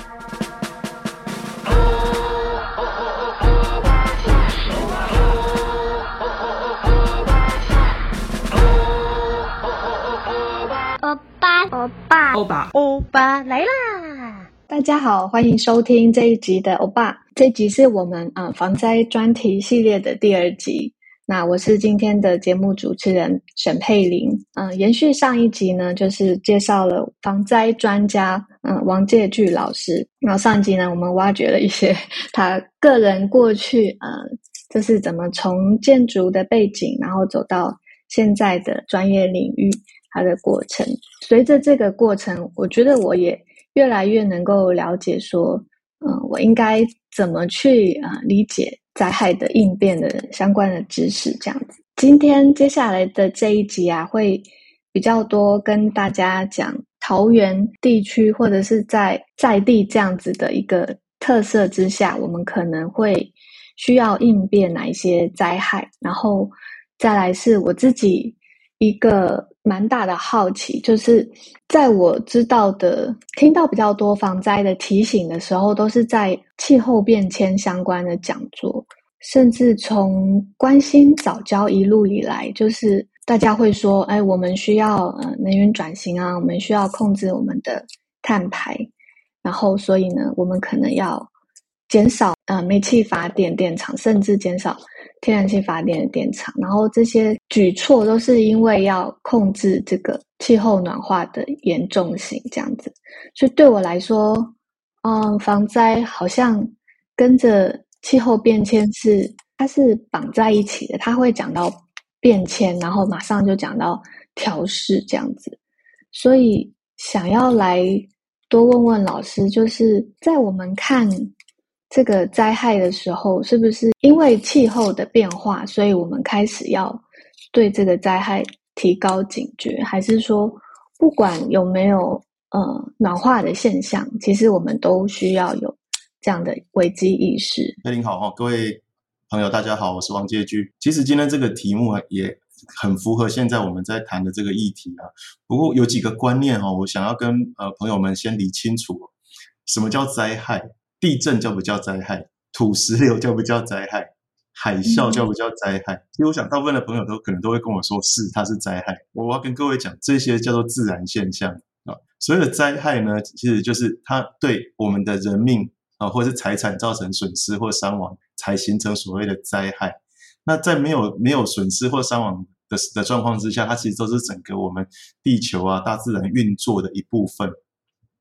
歐巴，歐巴，歐巴，歐巴來啦！大家好，歡迎收聽這一集的歐巴。這集是我們啊呃、防災專題系列的第二集。那我是今天的節目主持人沈佩玲。嗯、呃，延續上一集呢，就是介紹了防災專家。嗯，王價巨老師。那上一集呢，我們挖掘了一些他個人過去，嗯，這、就是怎麼從建築的背景，然後走到現在的專業領域，他的過程。隨着這個過程，我覺得我也越來越能夠了解說，嗯，我應該怎麼去啊、嗯、理解災害的應變的相關的知識，這樣子。今天接下來的這一集啊，會比較多跟大家講。桃園地區或者是在在地這樣子的一個特色之下，我們可能會需要應變哪一些災害，然後再來是我自己一個蠻大的好奇，就是在我知道的、聽到比較多防災的提醒的時候，都是在氣候變遷相關的講座，甚至從關心藻礁一路以來，就是。大家會說：“誒、哎、我們需要呃能源轉型啊，我們需要控制我們的碳排，然後所以呢，我們可能要減少呃煤氣發電電廠，甚至減少天然氣發電的電廠。然後這些舉措都是因為要控制這個氣候暖化的嚴重性，這樣子。所以對我來說，嗯、呃，防災好像跟着氣候變遷是它是綁在一起的，它會講到。”變遷，然後馬上就講到調適這樣子，所以想要來多問問老師，就是在我們看這個災害的時候，是不是因為氣候的變化，所以我們開始要對這個災害提高警覺，還是說不管有沒有呃暖化的現象，其實我們都需要有這樣的危機意識？佩玲好，各位。朋友，大家好，我是王價巨。其實今天這個題目啊，也很符合現在我們在談的這個議題啊。不過有幾個觀念哈，我想要跟呃朋友們先理清楚：什麼叫災害？地震叫不叫災害？土石流叫不叫災害？海嘯叫不叫災害？因為我想，大部分的朋友都可能都會跟我說，是，它是災害。我要跟各位講，這些叫做自然現象啊。所有的災害呢，其實就是它對我們的人命啊，或是財產造成損失或傷亡。才形成所謂的災害。那在沒有沒有損失或傷亡的的狀況之下，它其實都是整個我們地球啊、大自然運作的一部分、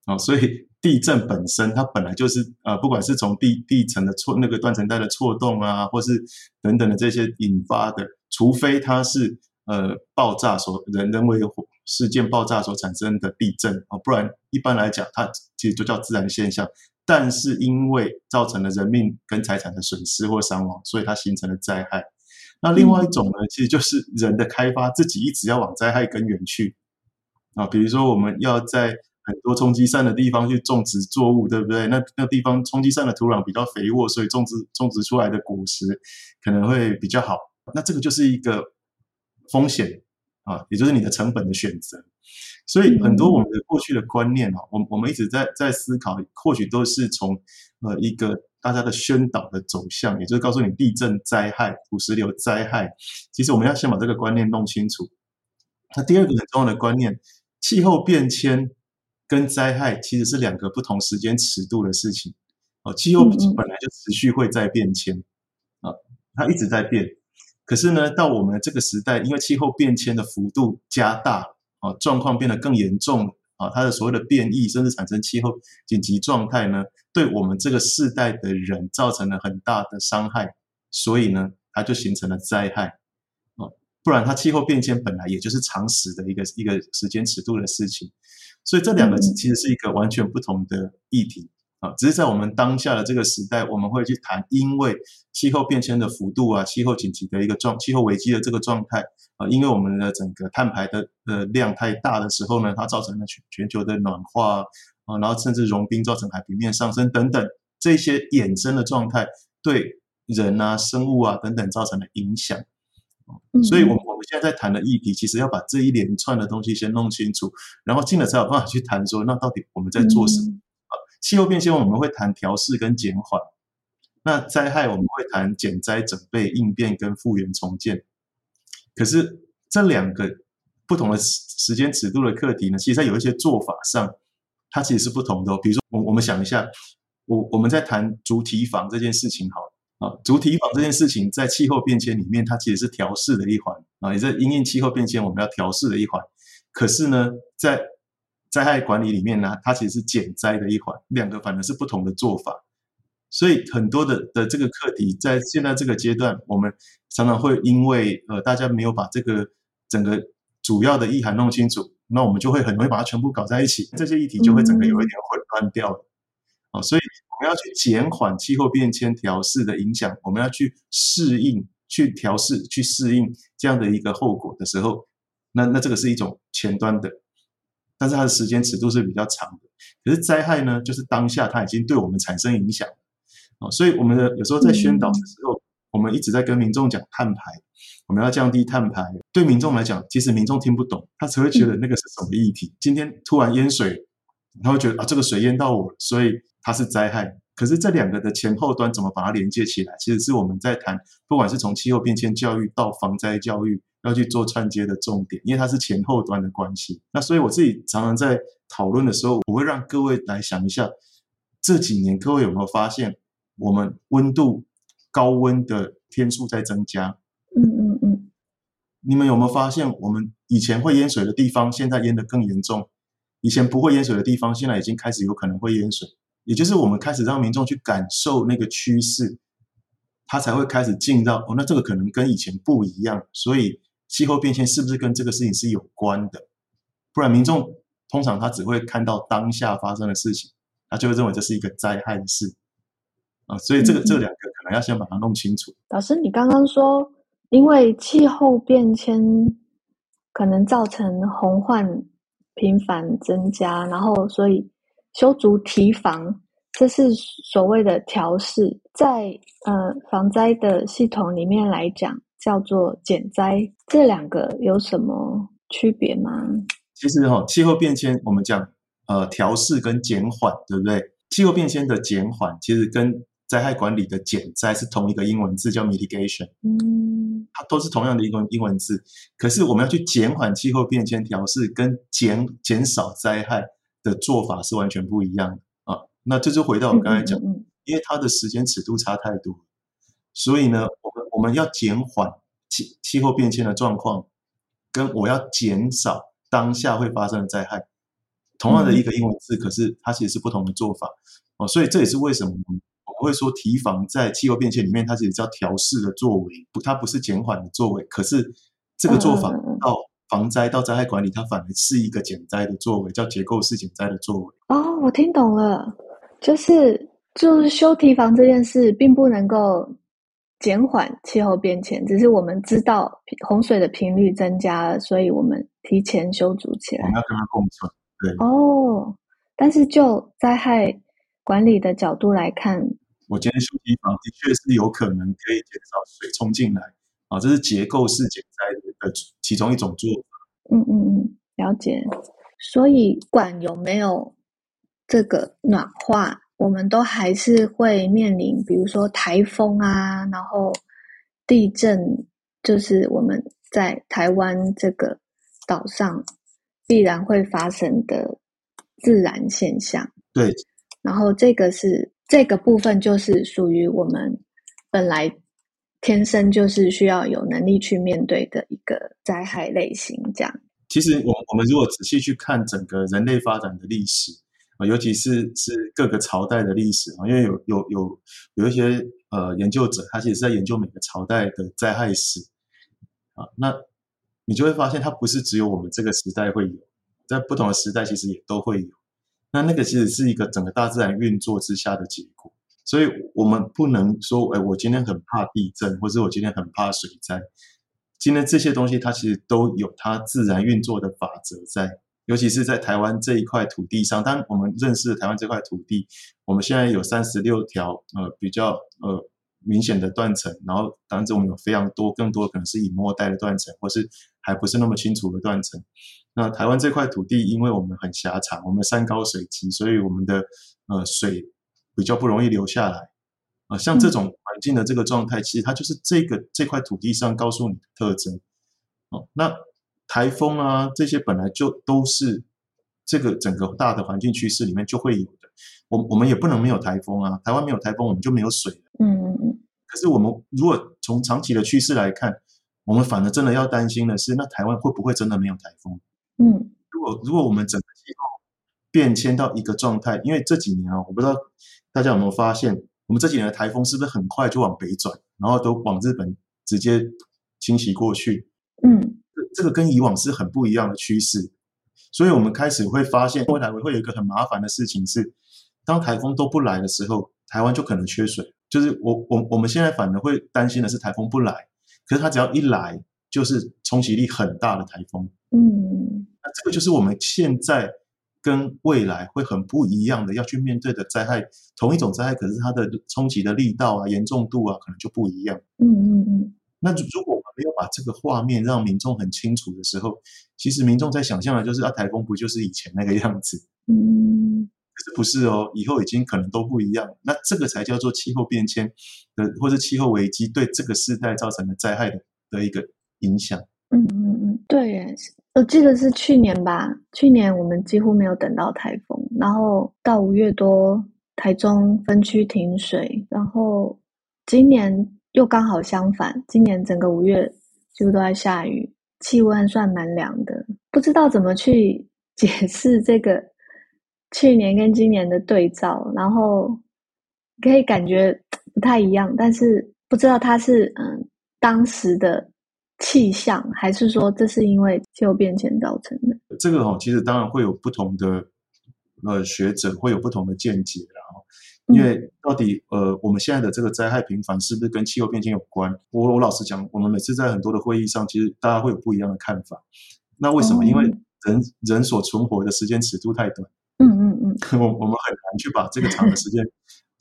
啊。所以地震本身它本來就是呃、啊，不管是從地地層的錯那個斷層帶的錯動啊，或是等等的這些引發的，除非它是呃爆炸所人人為或事件爆炸所產生的地震啊，不然一般來講它其實就叫自然現象。但是因為造成了人命跟財產的損失或傷亡，所以它形成了災害。那另外一種呢，其實就是人的開發自己一直要往災害根源去啊。比如說我們要在很多沖積扇的地方去種植作物，對不對？那那地方沖積扇的土壤比較肥沃，所以種植種植出來的果實可能會比較好。那這個就是一個風險啊，也就是你的成本的選擇。所以，很多我們的過去的觀念啊，我我們一直在在思考，或許都是從呃一個大家的宣導的走向，也就是告訴你地震災害、土石流災害。其實，我們要先把這個觀念弄清楚。那第二個很重要的觀念，氣候變遷跟災害其實是兩個不同時間尺度的事情。哦，氣候本來就持續會在變遷啊，它一直在變。可是呢，到我們這個時代，因為氣候變遷的幅度加大。啊，狀況變得更嚴重啊！它的所謂的變異，甚至產生氣候緊急狀態呢，對我們這個世代的人造成了很大的傷害，所以呢，它就形成了災害。啊，不然它氣候變遷本來也就是常識的一個一個時間尺度的事情，所以這兩個其實是一個完全不同的議題。嗯嗯啊，只是在我們當下的這個時代，我們會去談，因為氣候變遷的幅度啊，氣候緊急的一個狀，氣候危機的這個狀態啊，因為我們的整個碳排的呃量太大的時候呢，它造成了全全球的暖化啊，然後甚至融冰造成海平面上升等等這些衍生的狀態對人啊、生物啊等等造成了影響。所以我我們現在在談的議題，其實要把這一連串的東西先弄清楚，然後進來才有辦法去談說，那到底我們在做什麼？嗯嗯氣候變遷，我們會談調適跟減緩；那災害，我們會談減災、整備、應變跟復原重建。可是這兩個不同的時間尺度的課題呢，其實在有一些做法上，它其實是不同的哦。比如說，我我們想一下，我我們在談築堤防這件事情，好了啊，築堤防這件事情在氣候變遷裡面，它其實是調適的一環啊，也在因應應氣候變遷我們要調適的一環。可是呢，在災害管理裡面呢，它其實是減災的一環，兩個反而是不同的做法。所以很多的的這個課題，在現在這個階段，我們常常會因為呃大家沒有把這個整個主要的意涵弄清楚，那我們就會很容易把它全部搞在一起，這些議題就會整個有一點混亂掉了。哦，所以我們要去減緩氣候變遷調適的影響，我們要去適應、去調適，去適應這樣的一個後果的時候，那那這個是一種前端的。但是它的時間尺度是比較長的，可是災害呢，就是當下它已經對我們產生影響了哦。所以我們的有時候在宣導的時候，我們一直在跟民眾講碳排，我們要降低碳排。對民眾來講，其實民眾聽不懂，他只會覺得那個是什麼議題。今天突然淹水，他會覺得啊，這個水淹到我，所以它是災害。可是這兩個的前後端怎麼把它連接起來？其實是我們在談，不管是從氣候變遷教育到防災教育要去做串接的重點，因為它是前後端的關係。那所以我自己常常在討論的時候，我會讓各位來想一下，這幾年各位有沒有發現，我們溫度高溫的天數在增加？嗯嗯嗯。你們有沒有發現，我們以前會淹水的地方，現在淹得更嚴重；以前不會淹水的地方，現在已經開始有可能會淹水。也就是我們開始讓民眾去感受那個趨勢，他才會開始進入，哦，那這個可能跟以前不一樣，所以。氣候變遷是不是跟這個事情是有關的？不然民眾通常他只會看到當下發生的事情，他就會認為這是一個災害的事啊。所以這個嗯嗯這兩個可能要先把它弄清楚。老師，你剛剛說，因為氣候變遷可能造成洪患頻繁增加，然後所以修築堤防，這是所謂的調適，在呃防災的系統裡面來講。叫做減災，這兩個有什麼區別嗎？其實哈、哦，氣候變遷我們講呃調試跟減緩，對不對？氣候變遷的減緩，其實跟災害管理的減災是同一個英文字，叫 mitigation。嗯，它都是同樣的一個英文字，可是我們要去減緩氣候變遷調試跟減減少災害的做法是完全不一樣的啊。那這就回到我剛才講，嗯嗯嗯因為它的時間尺度差太多，所以呢，我們。我們要減緩氣氣候變遷的狀況，跟我要減少當下會發生的災害，同樣的一個英文字，可是它其實是不同的做法哦。所以這也是為什麼我會說堤防在氣候變遷裡面，它其實叫調適的作為，它不是減緩的作為。可是這個做法到防災到災害管理，它反而是一個減災的作為，叫結構式減災的作為。嗯。哦，我聽懂了，就是就是修堤防這件事，並不能夠。減緩氣候變遷，只是我們知道洪水的頻率增加了，所以我們提前修築起來。我們要跟它共存，對。哦，但是就災害管理的角度來看，我今天修堤防的確是有可能可以減少水衝進來啊，這是結構式減災的其中一種做法。嗯嗯嗯，了解。所以，管有沒有這個暖化？我們都還是會面臨，比如說台風啊，然後地震，就是我們在台灣這個島上必然會發生的自然現象。對。然後，這個是這個部分，就是屬於我們本來天生就是需要有能力去面對的一個災害類型。這樣。其實，我我們如果仔細去看整個人類發展的歷史。啊，尤其是是各個朝代的歷史啊，因為有有有有一些呃研究者，他其實是在研究每個朝代的災害史，啊，那你就會發現，它不是只有我們這個時代會有，在不同的時代其實也都會有。那那個其實是一個整個大自然運作之下的結果，所以我們不能說，哎，我今天很怕地震，或者我今天很怕水災，今天這些東西它其實都有它自然運作的法則在。尤其是在台灣這一塊土地上，當我們認識台灣這塊土地，我們現在有三十六條呃比較呃明顯的斷層，然後當中有非常多更多可能是隱沒帶的斷層，或是還不是那麼清楚的斷層。那台灣這塊土地，因為我們很狹長，我們山高水急，所以我們的呃水比較不容易流下來啊、呃。像這種環境的這個狀態，嗯、其實它就是這個這塊土地上告訴你的特徵。哦，那。颱風啊，這些本來就都是這個整個大的環境趨勢裡面就會有的。我我們也不能沒有颱風啊，台灣沒有颱風，我們就沒有水了。嗯嗯嗯。可是我們如果從長期的趨勢來看，我們反而真的要擔心的是，那台灣會不會真的沒有颱風？嗯。如果如果我們整個氣候變遷到一個狀態，因為這幾年啊，我不知道大家有沒有發現，我們這幾年的颱風是不是很快就往北轉，然後都往日本直接侵襲過去？嗯。這個跟以往是很不一樣的趨勢，所以，我們開始會發現，未來會有一個很麻煩的事情是，當颱風都不來的時候，台灣就可能缺水。就是我，我，我們現在反而會擔心的是颱風不來，可是它只要一來，就是衝擊力很大的颱風。嗯，那這個就是我們現在跟未來會很不一樣的要去面對的災害。同一種災害，可是它的衝擊的力道啊、嚴重度啊，可能就不一樣。嗯嗯嗯。那如果要把這個畫面讓民眾很清楚的時候，其實民眾在想象的就是啊，颱風不就是以前那個樣子？嗯，可是不是哦，以後已經可能都不一樣。那這個才叫做氣候變遷呃，或者氣候危機對這個世代造成的災害的的一個影響。嗯嗯嗯，對耶，我記得是去年吧，去年我們幾乎沒有等到颱風，然後到五月多，台中分區停水，然後今年。又剛好相反，今年整個五月幾乎都在下雨，氣溫算蠻涼的，不知道怎麼去解釋這個去年跟今年的對照。然後可以感覺不太一樣，但是不知道它是嗯當時的氣象，還是說這是因為氣候變遷造成的？這個齁，其實當然會有不同的呃學者會有不同的見解。因為到底呃，我們現在的這個災害頻繁是不是跟氣候變遷有關？我我老實講，我們每次在很多的會議上，其實大家會有不一樣的看法。那為什麼？因為人人所存活的時間尺度太短。嗯嗯嗯。我我們很難去把這個長的時間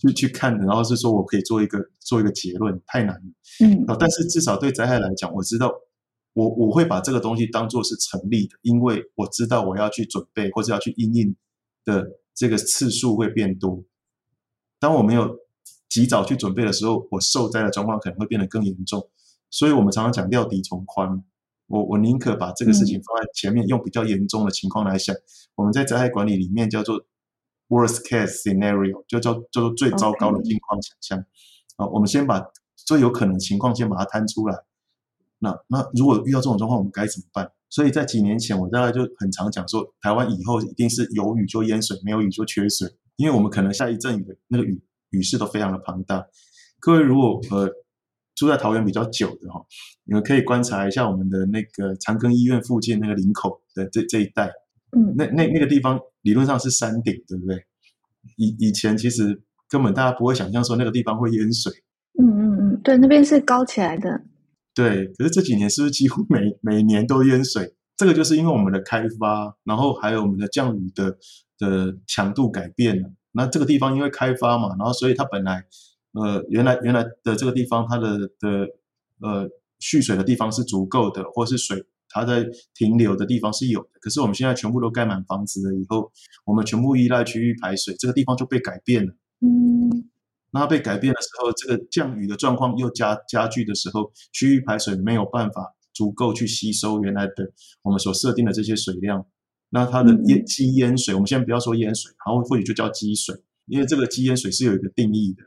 去去看，然後是說我可以做一個做一個結論，太難了。嗯。但是至少對災害來講，我知道我我會把這個東西當作是成立的，因為我知道我要去準備或者要去因應的這個次數會變多。當我沒有及早去準備的時候，我受災的狀況可能會變得更嚴重。所以，我們常常講“料敵從寬”，我我寧可把這個事情放在前面，嗯、用比較嚴重的情況來想。我們在災害管理裡面叫做 “worst case scenario”，就叫叫做最糟糕的情況想象。我們先把最有可能的情況先把它攤出來。那那如果遇到這種狀況，我們該怎麼辦？所以在幾年前，我大概就很常講說，台灣以後一定是有雨就淹水，沒有雨就缺水。因為我們可能下一陣雨，那個雨雨勢都非常的龐大。各位如果呃住在桃園比較久的哈，你們可以觀察一下我們的那個長庚醫院附近那個林口的這這一帶，嗯，那那那個地方理論上是山頂，對不對？以以前其實根本大家不會想象說那個地方會淹水。嗯嗯嗯，對，那邊是高起來的。對，可是這幾年是不是幾乎每每年都淹水？這個就是因為我們的開發，然後還有我們的降雨的。的強度改變了，那這個地方因為開發嘛，然後所以它本來，呃，原來原來的這個地方它的的呃蓄水的地方是足夠的，或是水它在停留的地方是有的。可是我們現在全部都蓋滿房子了以後，我們全部依賴區域排水，這個地方就被改變了。嗯，那它被改變的時候，這個降雨的狀況又加加劇的時候，區域排水沒有辦法足夠去吸收原來的我們所設定的這些水量。那它的積淹水，我們先不要說淹水，然後或許就叫積水，因為這個積淹水是有一個定義的，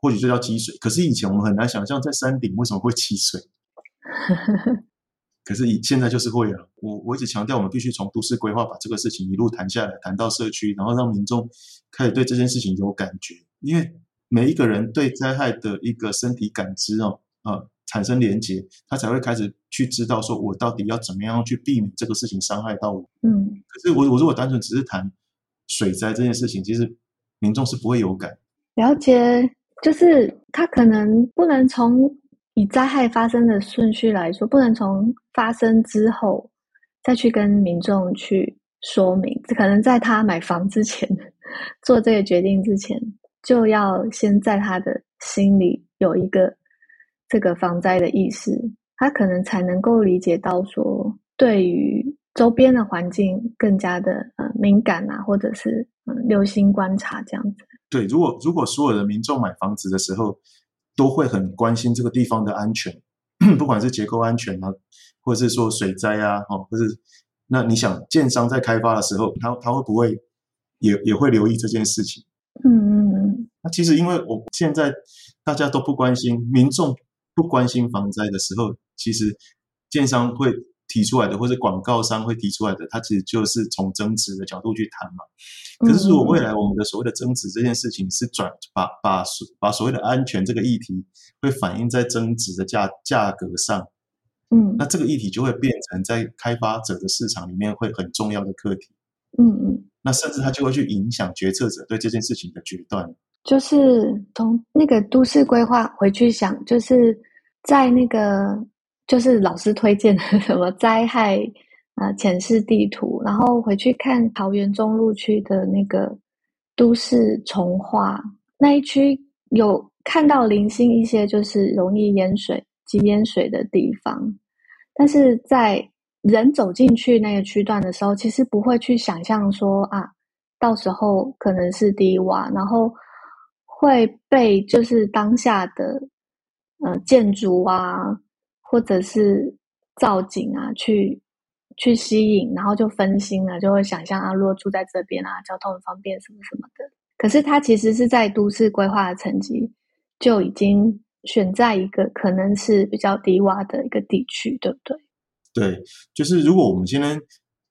或許就叫積水。可是以前我們很難想象在山頂為什麼會積水，可是以現在就是會了。我我一直強調我們必須從都市規劃把這個事情一路談下來，談到社區，然後讓民眾開始對這件事情有感覺，因為每一個人對災害的一個身體感知哦，啊。產生連結，他才會開始去知道說，我到底要怎麼樣去避免這個事情傷害到我。嗯，可是我我如果單純只是談水災這件事情，其實民眾是不會有感。了解，就是他可能不能從以災害發生的順序來說，不能從發生之後再去跟民眾去說明，可能在他買房之前，做這個決定之前，就要先在他的心裡有一個。這個防災的意識，他可能才能夠理解到說，對於周邊的環境更加的、呃、敏感啊，或者是嗯，留心觀察這樣子。對，如果如果所有的民眾買房子的時候，都會很關心這個地方的安全， 不管是結構安全啊，或者是說水災啊，哦，或是那你想，建商在開發的時候，他他會不會也也會留意這件事情？嗯嗯嗯。那其實因為我現在大家都不關心民眾。不關心防災的時候，其實建商會提出來的，或者廣告商會提出來的，它其實就是從增值的角度去談嘛。可是如果未來我們的所謂的增值這件事情是轉把把把所謂的安全這個議題會反映在增值的價價格上，嗯，那這個議題就會變成在開發者的市場裡面會很重要的課題。嗯嗯，那甚至它就會去影響決策者對這件事情的決斷。就是從那個都市規劃回去想，就是在那個就是老師推薦的什麼災害啊，潛、呃、勢地圖，然後回去看桃園中路區的那個都市重劃。那一區，有看到零星一些就是容易淹水積淹水的地方，但是在人走進去那個區段的時候，其實不會去想象說啊，到時候可能是低窪，然後，會被就是當下的呃建築啊，或者是造景啊，去去吸引，然後就分心了、啊，就會想象啊，如果住在這邊啊，交通很方便，什麼什麼的。可是它其實是在都市規劃的層級，就已經選在一個可能是比較低洼的一個地區，對不對？對，就是如果我們今天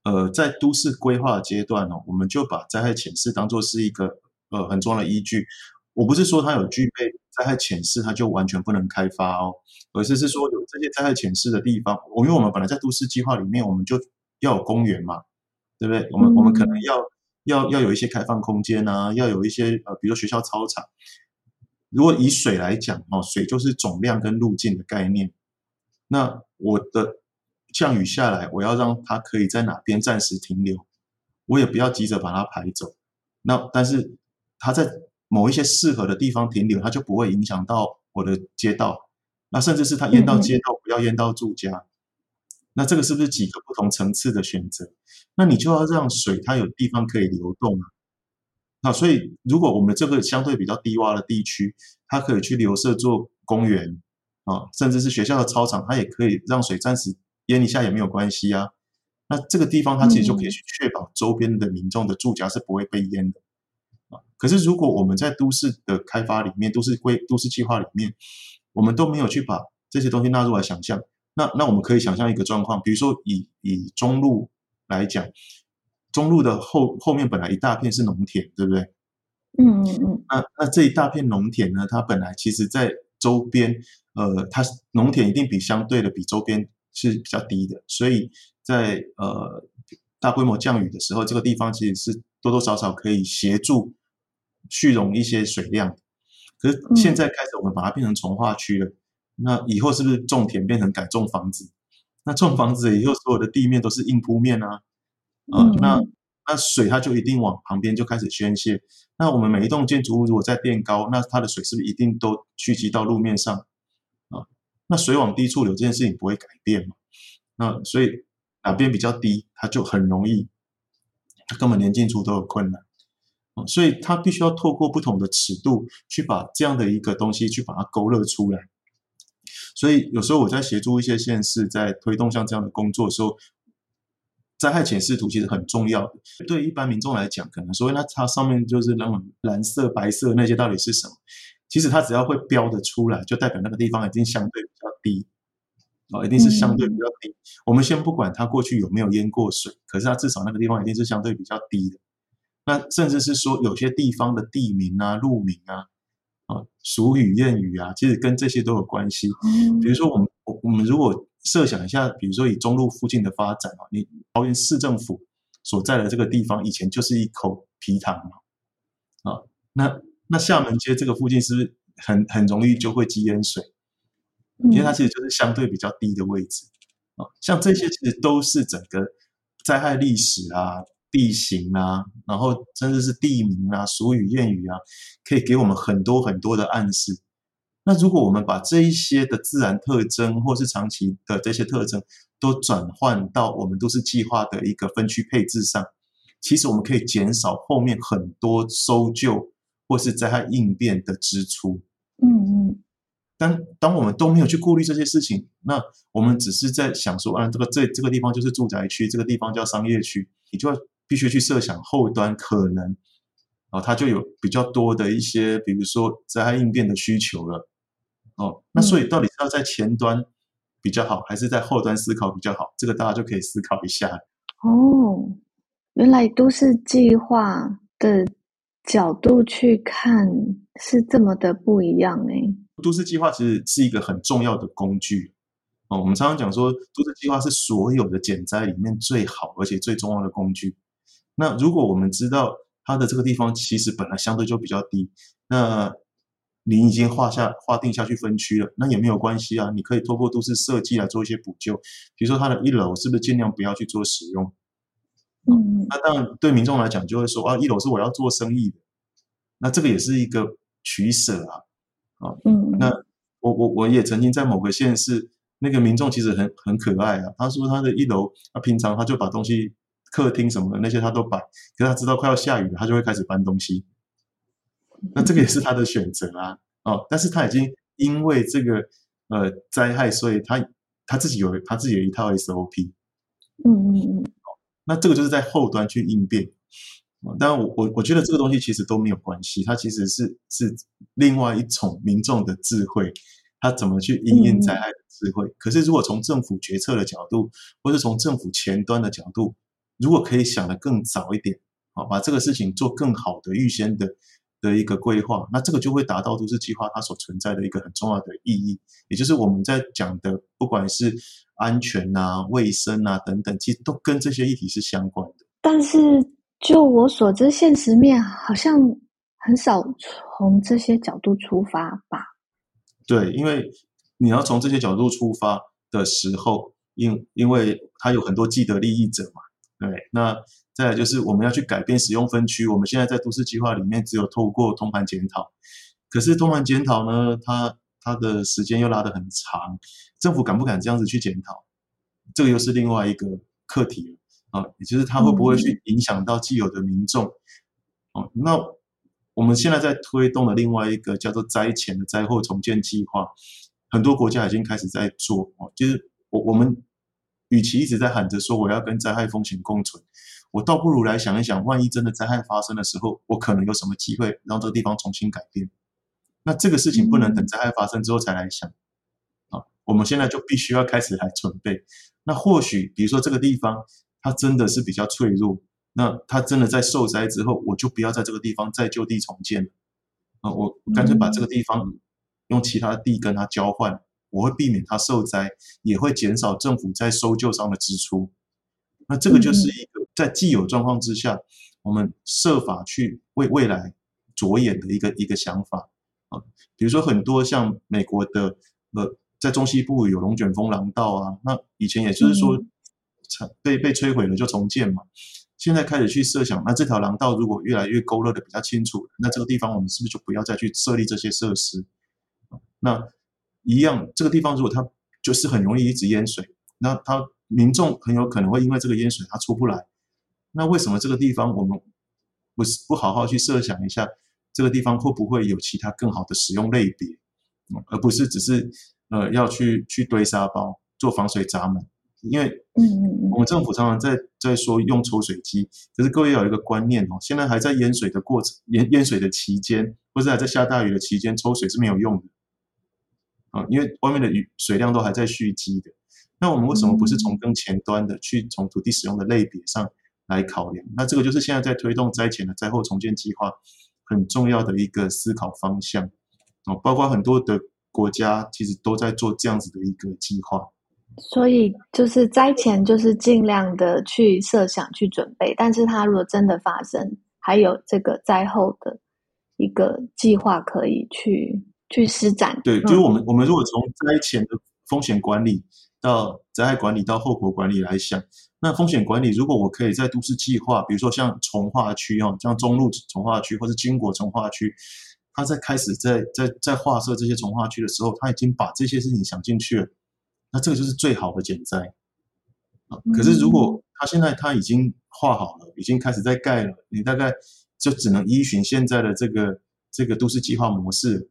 呃在都市規劃的階段哦，我們就把災害潛勢當做是一個呃很重要的依據。我不是說它有具備災害潛勢，它就完全不能開發哦，而是是說有這些災害潛勢的地方，我因為我們本來在都市計劃裡面，我們就要有公園嘛，對不對？我們我們可能要要要有一些開放空間啊，要有一些呃，比如學校操場。如果以水來講哦，水就是總量跟路徑的概念。那我的降雨下來，我要讓它可以在哪邊暫時停留，我也不要急着把它排走。那但是它在。某一些適合的地方停留，它就不會影響到我的街道。那甚至是它淹到街道，不要淹到住家。嗯嗯、那這個是不是幾個不同層次的選擇？那你就要讓水它有地方可以流動啊，啊。那所以，如果我們這個相對比較低洼的地區，它可以去留設做公園啊，甚至是學校的操場，它也可以讓水暫時淹一下也沒有關係啊。那這個地方它其實就可以去確保周邊的民眾的住家是不會被淹的。嗯嗯嗯可是，如果我們在都市的開發裡面，都市規都市計劃裡面，我們都沒有去把這些東西納入來想象，那那我們可以想象一個狀況，比如說以以中路來講，中路的後後面本來一大片是農田，對不對？嗯嗯，嗯。那那那這一大片農田呢，它本來其實在周邊，呃，它農田一定比相對的比周邊是比較低的，所以在呃大規模降雨的時候，這個地方其實是多多少少可以協助。蓄容一些水量，可是現在開始我們把它變成重劃區了。嗯、那以後是不是種田變成改種房子？那種房子以後所有的地面都是硬鋪面啊、呃，嗯，那那水它就一定往旁邊就開始宣洩。那我們每一棟建築物如果再變高，那它的水是不是一定都聚集到路面上？啊，那水往低處流這件事情不會改變嘛、呃？那所以哪邊比較低，它就很容易，它根本連進出都有困難。所以，他必須要透過不同的尺度去把這樣的一個東西去把它勾勒出來。所以，有時候我在協助一些縣市在推動像這樣的工作的時候，災害潛勢圖其實很重要的。對一般民眾來講，可能所謂它上面就是那種藍色、白色那些到底是什麼？其實它只要會標得出來，就代表那個地方一定相對比較低。哦，一定是相對比較低。我們先不管它過去有沒有淹過水，可是它至少那個地方一定是相對比較低的。那甚至是說有些地方的地名啊、路名啊、啊俗語、諺語啊，其實跟這些都有關係。比如說我們，我我們如果設想一下，比如說以中路附近的發展啊，你桃園市政府所在的這個地方以前就是一口埤塘，啊，啊，那那廈門街這個附近是不是很很容易就會積淹水？因為它其實就是相對比較低的位置。啊，像這些其實都是整個災害歷史啊。地形啊，然後甚至是地名啊、俗語諺語啊，可以給我們很多很多的暗示。那如果我們把這一些的自然特徵或是長期的這些特徵都轉換到我們都市計劃的一個分區配置上，其實我們可以減少後面很多搜救或是災害應變的支出。嗯嗯。但當我們都沒有去顧慮這些事情，那我們只是在想說，啊，這個這這個地方就是住宅區，這個地方叫商業區，你就要。必須去設想後端可能，哦，它就有比較多的一些，比如說災害應變的需求了。哦，那所以到底是要在前端比較好，還是在後端思考比較好？這個大家就可以思考一下。哦，原來都市計劃的角度去看是這麼的不一樣誒。都市計劃其實是一個很重要的工具。哦，我們常常講說，都市計劃是所有的減災裡面最好而且最重要的工具。那如果我們知道它的這個地方其實本來相對就比較低，那你已經劃下劃定下去分區了，那也沒有關係啊，你可以透過都市設計來做一些補救，比如說它的一樓是不是盡量不要去做使用？嗯，那當然對民眾來講就會說啊，一樓是我要做生意的，那這個也是一個取捨啊，啊，嗯，那我我我也曾經在某個縣市，那個民眾其實很很可愛啊，他說他的一樓，他平常他就把東西。客廳什麼的那些他都擺，可是他知道快要下雨了，他就會開始搬東西。那這個也是他的選擇啊，哦，但是他已經因為這個呃災害，所以他他自己有他自己有一套 SOP。嗯嗯嗯。那這個就是在後端去應變，但我我我覺得這個東西其實都沒有關係，它其實是是另外一種民眾的智慧，他怎麼去因應災害的智慧。可是如果從政府決策的角度，或者從政府前端的角度，如果可以想得更早一點，啊，把這個事情做更好的預先的的一個規劃，那這個就會達到都市計劃它所存在的一個很重要的意義，也就是我們在講的，不管是安全啊、衛生啊等等，其實都跟這些議題是相關的。但是就我所知，現實面好像很少從這些角度出發吧？對，因為你要從這些角度出發的時候，因因為它有很多既得利益者嘛。對，那再來就是我們要去改變使用分區。我們現在在都市計劃裡面只有透過通盤檢討，可是通盤檢討呢，它它的時間又拉得很長，政府敢不敢這樣子去檢討，這個又是另外一個課題啊，也就是它會不會去影響到既有的民眾？哦、嗯啊，那我們現在在推動的另外一個叫做災前的災後重建計劃，很多國家已經開始在做、啊、就是我我們。與其一直在喊着說我要跟災害風險共存，我倒不如來想一想，萬一真的災害發生的時候，我可能有什麼機會讓這個地方重新改變？那這個事情不能等災害發生之後才來想，啊，我們現在就必須要開始來準備。那或許，比如說這個地方它真的是比較脆弱，那它真的在受災之後，我就不要在這個地方再就地重建了，啊，我乾脆把這個地方用其他地跟它交換。我會避免它受災，也會減少政府在搜救上的支出。那這個就是一個在既有狀況之下，我們設法去為未來着眼的一個一個想法啊。比如說，很多像美國的呃，在中西部有龍捲風廊道啊。那以前也就是說，被被摧毀了就重建嘛。現在開始去設想，那這條廊道如果越來越勾勒得比較清楚，那這個地方我們是不是就不要再去設立這些設施？那，一樣，這個地方如果它就是很容易一直淹水，那它民眾很有可能會因為這個淹水它出不來。那為什麼這個地方我們不是不好好去設想一下，這個地方會不會有其他更好的使用類別，而不是只是呃要去去堆沙包做防水閘門？因為嗯，我們政府常常在在說用抽水機，可是各位有一個觀念哦，現在還在淹水的過程淹淹水的期間，或者還在下大雨的期間抽水是沒有用的。啊，因為外面的雨水量都還在蓄積的，那我們為什麼不是從更前端的去從土地使用的類別上來考量？那這個就是現在在推動災前的災後重建計劃很重要的一個思考方向哦，包括很多的國家其實都在做這樣子的一個計劃。所以就是災前就是儘量的去設想去準備，但是它如果真的發生，還有這個災後的一個計劃可以去。去施展。對，就是我們我們如果從災前的風險管理到災害管理到後果管理來想，那風險管理如果我可以在都市計劃，比如說像重劃區哦，像中路重劃區或是經國重劃區，他在開始在在在劃設這些重劃區的時候，他已經把這些事情想進去了，那這個就是最好的減災。嗯、可是如果他現在他已經劃好了，已經開始在蓋了，你大概就只能依循現在的這個這個都市計劃模式。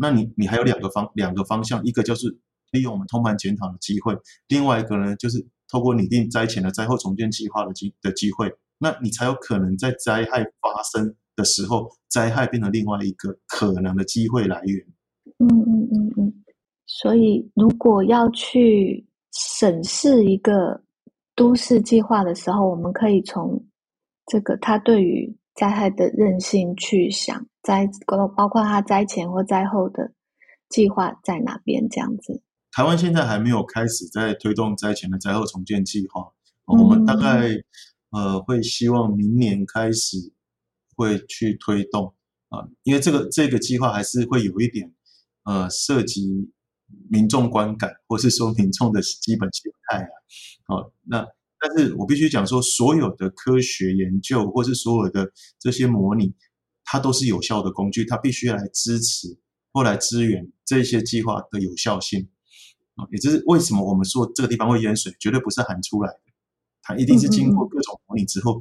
那你你還有兩個方兩個方向，一個就是利用我們通盤檢討的機會，另外一個呢，就是透過擬定災前的災後重建計劃的機的機會，那你才有可能在災害發生的時候，災害變成另外一個可能的機會來源。嗯嗯嗯嗯。所以如果要去審視一個都市計劃的時候，我們可以從這個它對於災害的韌性去想。災包括他災前或災後的計劃在哪邊這樣子？台灣現在還沒有開始在推動災前的災後重建計劃，我們大概呃會希望明年開始會去推動啊、呃，因為這個這個計劃還是會有一點呃涉及民眾觀感或是說民眾的基本心態啊。哦，那但是我必須講說，所有的科學研究或是所有的這些模擬。它都是有效的工具，它必須來支持或來支援這些計劃的有效性啊，也就是為什麼我們說這個地方會淹水，絕對不是喊出來的，它一定是經過各種模擬之後，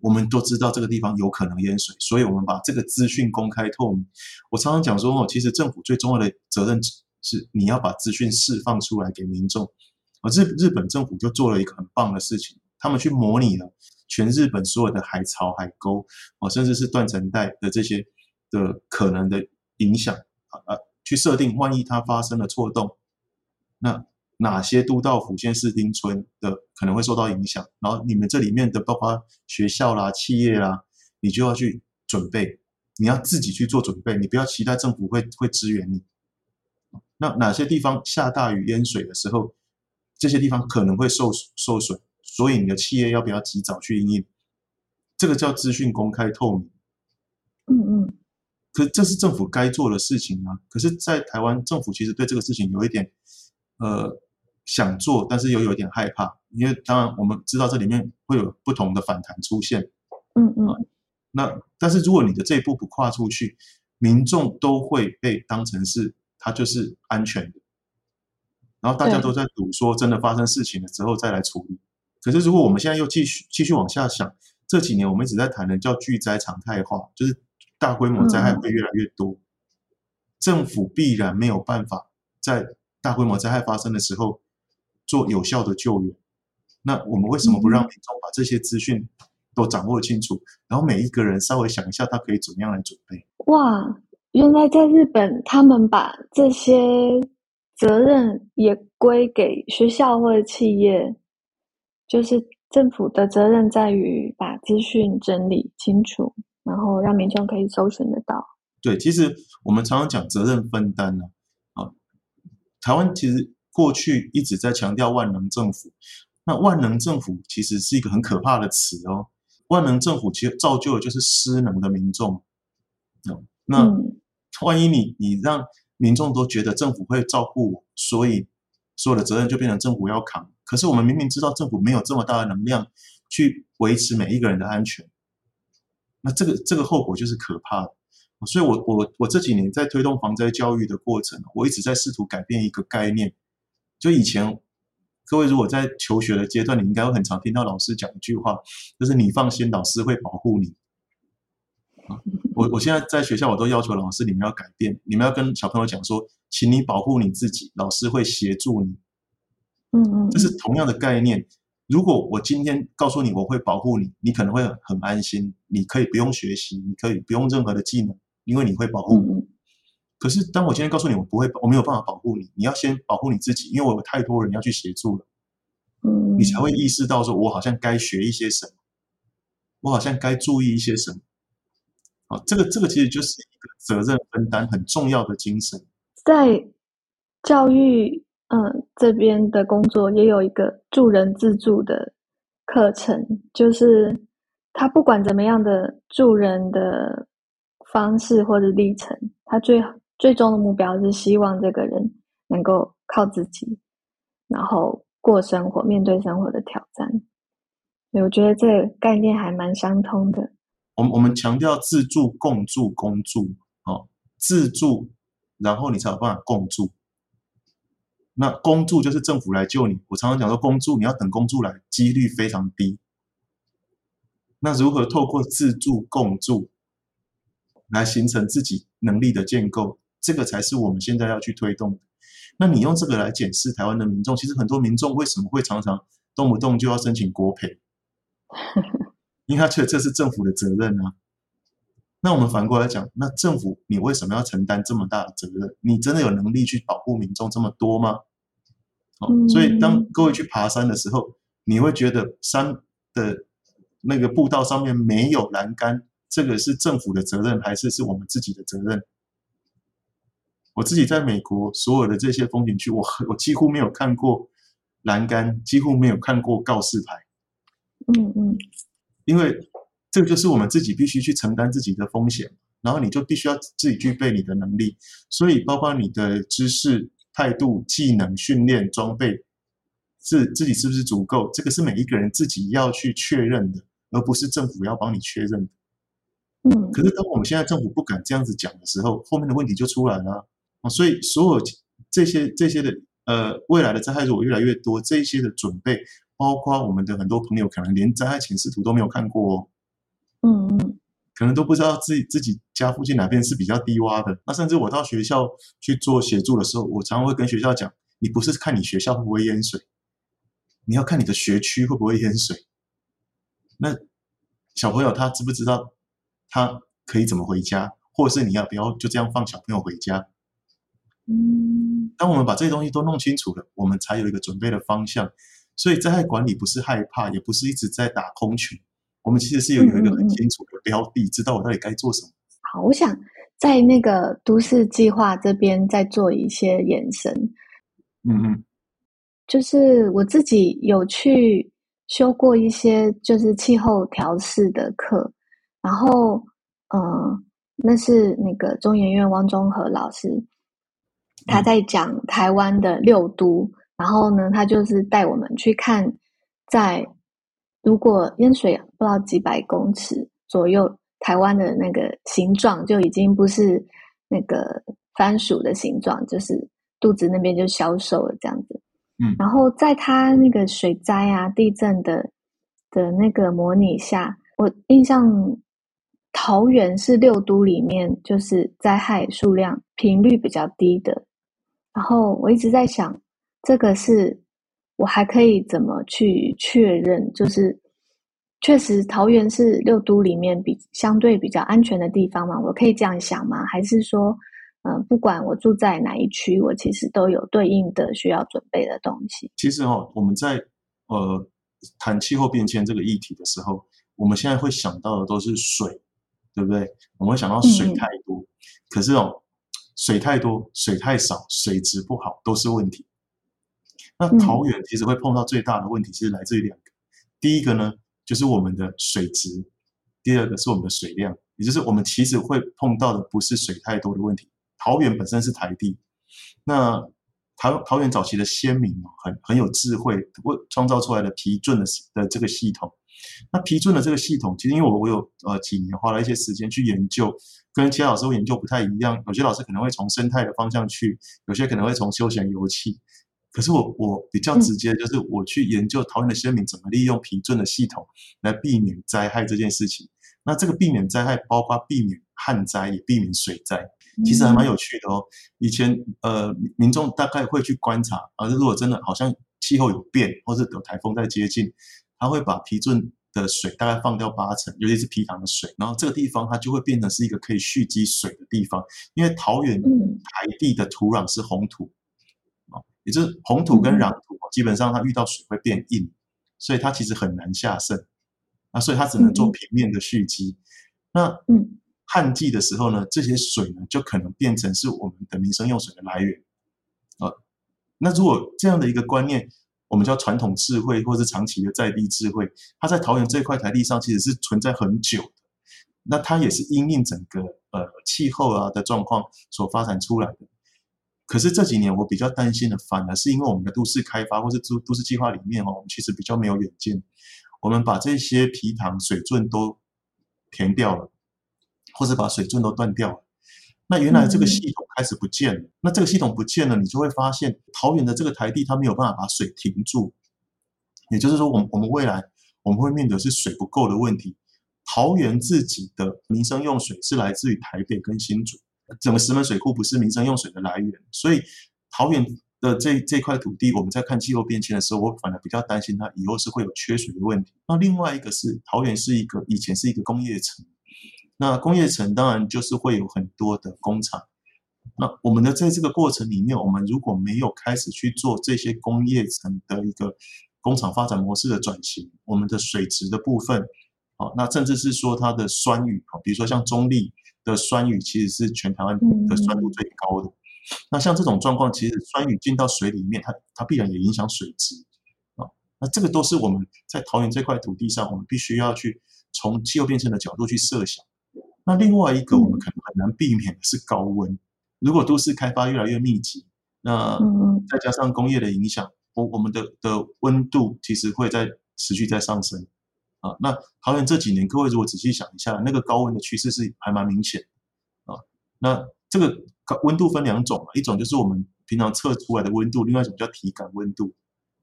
我們都知道這個地方有可能淹水，所以我們把這個資訊公開透明。我常常講說哦，其實政府最重要的責任是你要把資訊釋放出來給民眾。而日日本政府就做了一個很棒的事情，他們去模擬了。全日本所有的海槽、海溝，哦，甚至是斷層帶的這些的可能的影響，啊啊，去設定，萬一它發生了錯動，那哪些都道府縣市町村的可能會受到影響，然後你們這裡面的包括學校啦、企業啦，你就要去準備，你要自己去做準備，你不要期待政府會會支援你。那哪些地方下大雨淹水的時候，這些地方可能會受受損。所以你的企業要不要及早去因應？這個叫資訊公開透明。嗯嗯。可是這是政府該做的事情啊。可是，在台灣政府其實對這個事情有一點，呃，想做，但是又有一點害怕，因為當然我們知道這裡面會有不同的反彈出現。嗯嗯。那但是如果你的這一步不跨出去，民眾都會被當成是它就是安全的，然後大家都在賭說真的發生事情了之後再來處理。可是，如果我們現在又繼續繼續往下想，這幾年我們一直在談的叫巨災常態化，就是大規模災害會越來越多，嗯、政府必然沒有辦法在大規模災害發生的時候做有效的救援。那我們為什麼不讓民眾把這些資訊都掌握清楚，嗯、然後每一個人稍微想一下，他可以怎麼樣來準備？哇，原來在日本，他們把這些責任也歸給學校或者企業。就是政府的責任在於把資訊整理清楚，然後讓民眾可以搜尋得到。對，其實我們常常講責任分擔呢，啊。啊，台灣其實過去一直在強調萬能政府，那萬能政府其實是一個很可怕的詞哦。萬能政府其實造就的就是失能的民眾。啊，那萬一你，嗯，你讓民眾都覺得政府會照顧我，所以所有的責任就變成政府要扛。可是我們明明知道政府沒有這麼大的能量去維持每一個人的安全，那這個這個後果就是可怕的。所以我我我這幾年在推動防災教育的過程，我一直在試圖改變一個概念。就以前各位如果在求學的階段，你應該會很常聽到老師講一句話，就是“你放心，老師會保護你”。我我現在在學校，我都要求老師，你們要改變，你們要跟小朋友講說：“請你保護你自己，老師會協助你。”嗯嗯，這是同樣的概念。如果我今天告訴你我會保護你，你可能會很安心，你可以不用學習，你可以不用任何的技能，因為你會保護我。可是當我今天告訴你我不會，我沒有辦法保護你，你要先保護你自己，因為我有太多人要去協助了。嗯，你才會意識到說，我好像該學一些什麼，我好像該注意一些什麼。好，這個這個其實就是一個責任分擔很重要的精神，在教育。嗯，這邊的工作也有一個助人自助的課程，就是他不管怎麼樣的助人的方式或者歷程，他最最終的目標是希望這個人能夠靠自己，然後過生活，面對生活的挑戰。對，我覺得這個概念還蠻相通的。我們我們強調自助、共助、公助，哦，自助，然後你才有辦法共助。那公助，就是政府來救你，我常常講說公助，你要等公助來，幾率非常低。那如何透過自助、共助來形成自己能力的建構，這個才是我們現在要去推動的。那你用這個來檢視台灣的民眾，其實很多民眾為什麼會常常動不動就要申請國賠，因為他覺得這是政府的責任啊。那我們反過來講，那政府你為什麼要承擔這麼大的責任？你真的有能力去保護民眾這麼多嗎？好，嗯，所以當各位去爬山的時候，你會覺得山的那個步道上面沒有欄杆，這個是政府的責任，還是是我們自己的責任？我自己在美國所有的這些風景區，我我幾乎沒有看過欄杆，幾乎沒有看過告示牌。嗯嗯，因為。這個就是我們自己必須去承擔自己的風險，然後你就必須要自己具備你的能力，所以包括你的知識、態度、技能、訓練、裝備，是自己是不是足夠？這個是每一個人自己要去確認的，而不是政府要幫你確認。可是當我們現在政府不敢這樣子講的時候，後面的問題就出來了。所以所有這些這些的呃未來的災害如果越來越多，這一些的準備，包括我們的很多朋友可能連災害潛勢圖都沒有看過哦。可能都不知道自己自己家附近哪邊是比較低窪的。那甚至我到學校去做協助的時候，我常常會跟學校講：你不是看你學校會不會淹水，你要看你的學區會不會淹水。那小朋友他知不知道他可以怎麼回家，或者是你要不要就這樣放小朋友回家？當我們把這些東西都弄清楚了，我們才有一個準備的方向。所以災害管理不是害怕，也不是一直在打空拳。我們其實是有有一個很清楚的標的，嗯嗯嗯，知道我到底該做什麼。好，我想在那個都市計劃這邊再做一些延伸。嗯嗯，就是我自己有去修過一些就是氣候調適的課，然後嗯、呃，那是那個中研院汪中和老師他在講台灣的六都，嗯、然後呢，他就是帶我們去看在。如果淹水，不到幾百公尺左右，台灣的那個形狀就已經不是那個番薯的形狀，就是肚子那邊就消瘦了這樣子。嗯，然後在它那個水災啊、地震的的那個模擬下，我印象桃園是六都裡面就是災害數量頻率比較低的。然後我一直在想，這個是。我還可以怎麼去確認？就是確實桃園是六都裡面比相對比較安全的地方嘛？我可以這樣想嗎？還是說，嗯、呃，不管我住在哪一區，我其實都有對應的需要準備的東西。其實哈、哦，我們在呃談氣候變遷這個議題的時候，我們現在會想到的都是水，對不對？我們會想到水太多，嗯、可是哦，水太多、水太少、水質不好都是問題。那桃園其實會碰到最大的問題是來自於兩個，第一個呢就是我們的水質，第二個是我們的水量，也就是我們其實會碰到的不是水太多的問題。桃園本身是台地，那桃桃園早期的先民很很有智慧，我創造出來的埤圳的的這個系統，那埤圳的這個系統，其實因為我我有呃幾年花了一些時間去研究，跟其他老師會研究不太一樣，有些老師可能會從生態的方向去，有些可能會從休閒遊憩。可是我我比較直接，就是我去研究桃園的先民怎麼利用埤圳的系統來避免災害這件事情。那這個避免災害，包括避免旱災也避免水災，其實還蠻有趣的哦。以前呃民眾大概會去觀察，啊，如果真的好像氣候有變，或是有台風在接近，他會把埤圳的水大概放掉八成，尤其是埤塘的水，然後這個地方它就會變成是一個可以蓄積水的地方，因為桃園台地的土壤是紅土。嗯也就是紅土跟壤土，基本上它遇到水會變硬，所以它其實很難下滲啊，所以它只能做平面的蓄積。那旱季的時候呢，這些水呢就可能變成是我們的民生用水的來源。呃，那如果這樣的一個觀念，我們叫傳統智慧，或是長期的在地智慧，它在桃園這塊台地上其實是存在很久的。那它也是因應整個呃氣候啊的狀況所發展出來的。可是這幾年我比較擔心的，反而是因為我們的都市開發或是都市計劃裡面哦，我們其實比較沒有遠見，我們把這些埤塘水圳都填掉了，或者把水圳都斷掉了，那原來這個系統開始不見了，嗯、那這個系統不見了，你就會發現桃園的這個台地它沒有辦法把水停住，也就是說，我們我們未來我們會面對是水不夠的問題，桃園自己的民生用水是來自於台北跟新竹。整個石門水庫不是民生用水的來源，所以桃園的這這塊土地，我們在看氣候變遷的時候，我反而比較擔心它以後是會有缺水的問題。那另外一個是，桃園是一個以前是一個工業城，那工業城當然就是會有很多的工廠。那我們呢，在這個過程裡面，我們如果沒有開始去做這些工業城的一個工廠發展模式的轉型，我們的水質的部分，哦，那甚至是說它的酸雨，哦，比如說像中壢。的酸雨其實是全台灣的酸度最高的。那像這種狀況，其實酸雨進到水裡面，它它必然也影響水質啊。那這個都是我們在桃園這塊土地上，我們必須要去從氣候變遷的角度去設想。那另外一個我們可能很難避免的是高溫。如果都市開發越來越密集，那再加上工業的影響，我我們的的溫度其實會在持續在上升。啊，那好像這幾年，各位如果仔細想一下，那個高溫的趨勢是還蠻明顯啊。那這個溫度分兩種嘛，一種就是我們平常測出來的溫度，另外一種叫體感溫度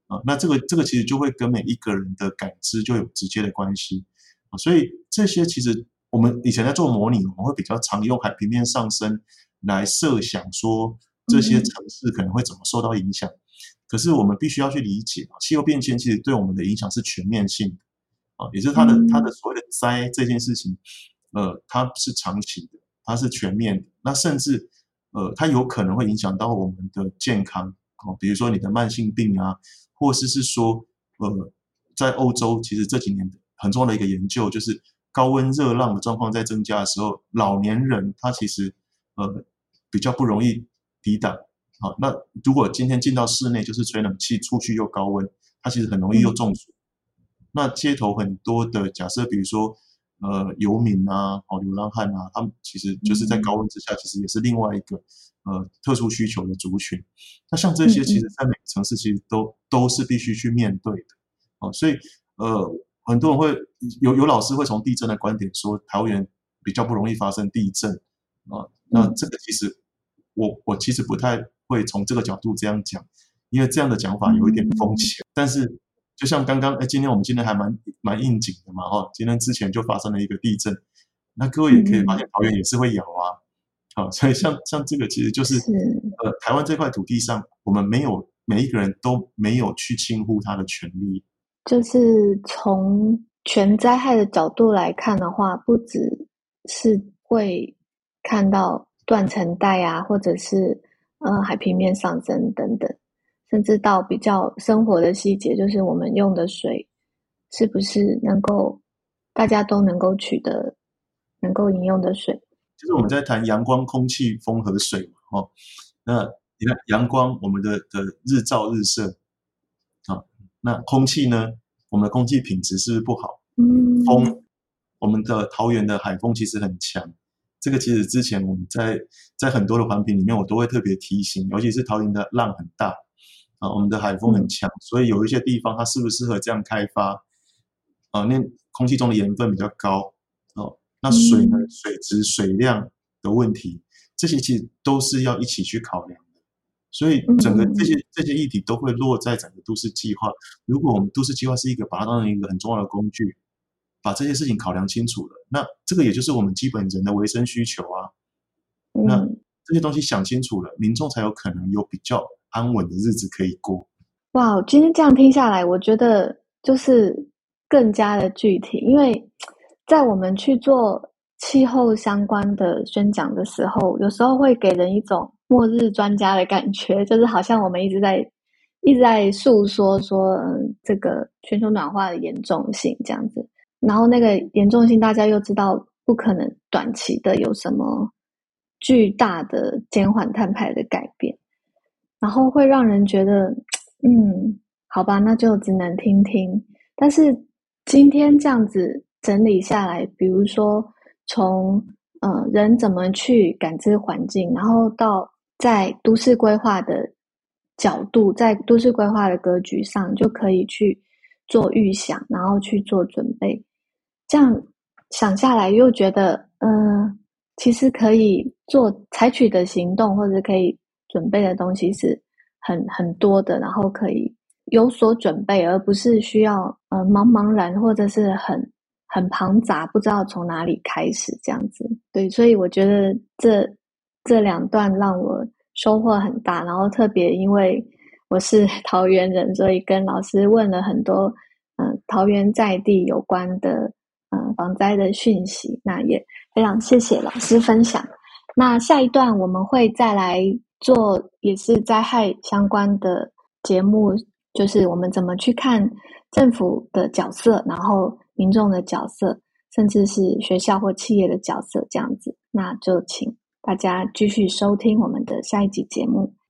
啊。那這個這個其實就會跟每一個人的感知就有直接的關係啊。所以這些其實我們以前在做模擬，我們會比較常用海平面上升來設想說這些城市可能會怎麼受到影響。可是我們必須要去理解啊，氣候變遷其實對我們的影響是全面性的。啊、哦，也就是它的、嗯、他的所謂的災這件事情，呃，它是長期的，它是全面的，那甚至呃，它有可能會影響到我們的健康啊、哦，比如說你的慢性病啊，或是是說呃，在歐洲其實這幾年很重要的一個研究就是高溫熱浪的狀況在增加的時候，老年人他其實呃比較不容易抵擋，好、哦，那如果今天進到室內就是吹冷氣，出去又高溫，他其實很容易又中暑。嗯那街頭很多的假設，比如說，呃，遊民啊，哦，流浪漢啊，他們其實就是在高溫之下，其實也是另外一個呃特殊需求的族群。那像這些，其實在每個城市其實都都是必須去面對的。呃、所以呃，很多人會有有老師會從地震的觀點說，桃園比較不容易發生地震啊、呃。那這個其實我我其實不太會從這個角度這樣講，因為這樣的講法有一點風險，嗯、但是。就像剛剛哎，今天我們今天還蠻蠻應景的嘛哈，今天之前就發生了一個地震，那各位也可以發現，桃園也是會搖啊，好，嗯啊，所以像像這個其實就是，是呃，台灣這塊土地上，我們沒有每一個人都沒有去輕忽他的權利。就是從全災害的角度來看的話，不只是會看到斷層帶啊，或者是呃海平面上升等等。甚至到比較生活的細節，就是我們用的水，是不是能夠大家都能夠取得、能夠飲用的水？就是我們在談陽光、空氣、風和水嘛，哦，那你看陽光，我們的的日照日射，啊，哦，那空氣呢？我們的空氣品質是不是不好？嗯，風，我們的桃園的海風其實很強，這個其實之前我們在在很多的環評裡面，我都會特別提醒，尤其是桃園的浪很大。啊，我們的海風很強，所以有一些地方它適不適合這樣開發，啊，那空氣中的鹽分比較高，哦，啊，那水呢，水質、水量的問題，這些其實都是要一起去考量。的。所以整個這些這些議題都會落在整個都市計劃。如果我們都市計劃是一個把它當成一個很重要的工具，把這些事情考量清楚了，那這個也就是我們基本人的維生需求啊。那這些東西想清楚了，民眾才有可能有比較安穩的日子可以過。哇，wow, 今天這樣聽下來，我覺得就是更加的具體，因為在我們去做氣候相關的宣講的時候，有時候會給人一種末日專家的感覺，就是好像我們一直在一直在訴說說、嗯、這個全球暖化的嚴重性這樣子，然後那個嚴重性大家又知道不可能短期的有什麼。巨大的減緩碳排的改變，然後會讓人覺得，嗯，好吧，那就只能聽聽。但是今天這樣子整理下來，比如說從嗯、呃、人怎麼去感知環境，然後到在都市規劃的角度，在都市規劃的格局上，就可以去做預想，然後去做準備。這樣想下來，又覺得，嗯、呃。其實可以做採取的行動，或者可以準備的東西是很很多的，然後可以有所準備，而不是需要呃茫茫然或者是很很龐雜，不知道從哪裡開始這樣子。對，所以我覺得這這兩段讓我收穫很大，然後特別因為我是桃園人，所以跟老師問了很多嗯、呃、桃園在地有關的嗯、呃、防災的訊息，那也。非常謝謝老師分享。那下一段我們會再來做也是災害相關的節目，就是我們怎麼去看政府的角色，然後民眾的角色，甚至是學校或企業的角色，這樣子。那就請大家繼續收聽我們的下一集節目。